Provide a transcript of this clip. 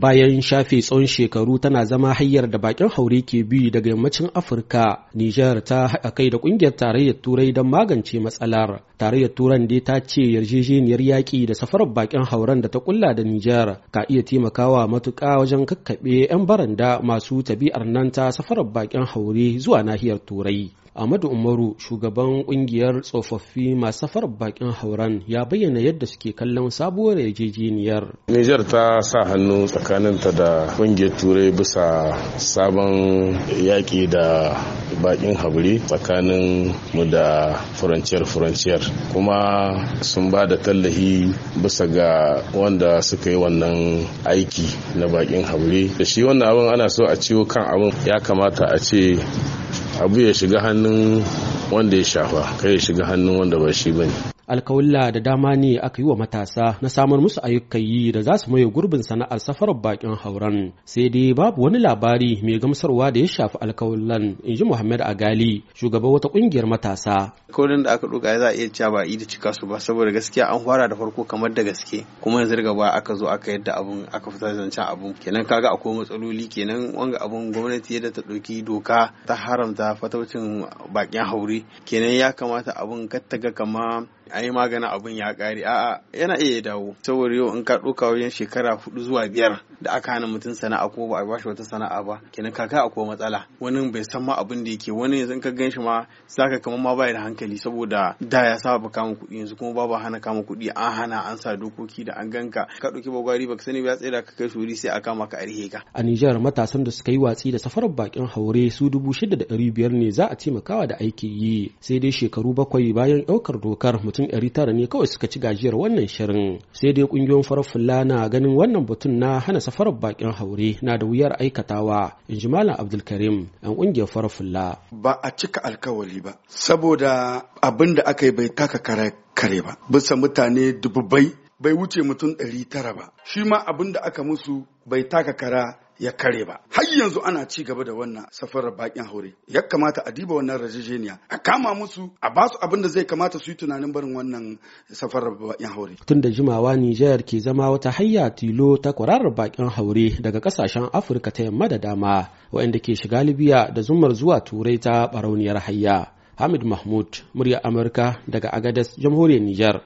bayan shafe tsawon shekaru tana zama hanyar da bakin haure ke bi daga yammacin afirka nijar ta haɗa kai da ƙungiyar tarayyar turai don magance matsalar tarayyar turan dai ta ce yarjejeniyar yaƙi da safarar bakin hauren da ta kulla da nijar ka iya taimakawa matuƙa wajen kakkaɓe 'yan baranda masu tabi'ar nan ta safarar bakin haure zuwa nahiyar turai Ahmadu Umaru shugaban kungiyar tsofaffi masu safar bakin hauran ya bayyana yadda suke kallon sabuwar yarjejeniyar. Nijar ta sa hannu tsakaninta da kungiyar turai bisa sabon yaƙi da bakin haure tsakanin mu da furanciyar furanciyar kuma sun ba da tallahi bisa ga wanda suka yi wannan aiki na bakin haure da shi wannan abin ana so a ciwo kan abin ya kamata a ce abu ya shiga hannun wanda ya shafa kai ya shiga hannun wanda ba shi bane alkawulla da dama ne aka yi wa matasa na samar musu ayyukan yi da za su maye gurbin sana'ar safarar bakin hauren sai dai babu wani labari mai gamsarwa da ya shafi alkawullan in ji muhammad agali shugaban wata kungiyar matasa alkawullin da aka duka za a iya cewa ba a da cika su ba saboda gaskiya an fara da farko kamar da gaske kuma yanzu daga baya aka zo aka yadda abun aka fita zancen abun kenan kaga akwai matsaloli kenan wanga abun gwamnati yadda ta ɗauki doka ta haramta fataucin bakin haure kenan ya kamata abun kattaga kama a yi magana abin ya ƙare a'a yana iya dawo saboda yau in ka ɗauka wajen shekara hudu zuwa biyar da aka hana mutum sana'a ko ba a bashi wata sana'a ba kenan kaka akwai matsala wani bai san ma abin da yake wani yanzu in ka ganshi shi ma saka kamar ma bai da hankali saboda da ya saba kama kuɗi yanzu kuma babu hana kama kuɗi an hana an sa dokoki da an ganka ka ɗauki bagwari baka sani ba da ka kai shuri sai a kama ka arhe ka a Nijar matasan da suka yi watsi da safarar bakin haure su dubu shida da ɗari biyar ne za a taimakawa da aiki yi sai dai shekaru bakwai bayan ɗaukar dokar mutum ɗari tara ne kawai suka ci gajiyar wannan shirin sai dai ƙungiyoyin farar fulla na ganin wannan batun na hana safarar bakin haure na da wuyar aikatawa in ji malam abdulkarim yan kungiyar farar fulla ba a cika alkawali ba saboda abin da aka yi bai taka kare kare ba bisa mutane dubbai bai wuce mutum ɗari tara ba shi ma abin da aka musu bai taka kara ya kare ba har yanzu ana ci gaba da wannan safarar bakin haure ya kamata a diba wannan rajijeniya. a kama musu a ba su abin da zai kamata su yi tunanin barin wannan safarar bakin haure tun da jimawa Nijar ke zama wata hayya tilo ta kwararar bakin haure daga kasashen Afirka ta yamma da dama waɗanda ke shiga Libya da zumar zuwa Turai ta barauniyar hayya Hamid Mahmud murya Amurka daga agadas jamhuriyar Nijar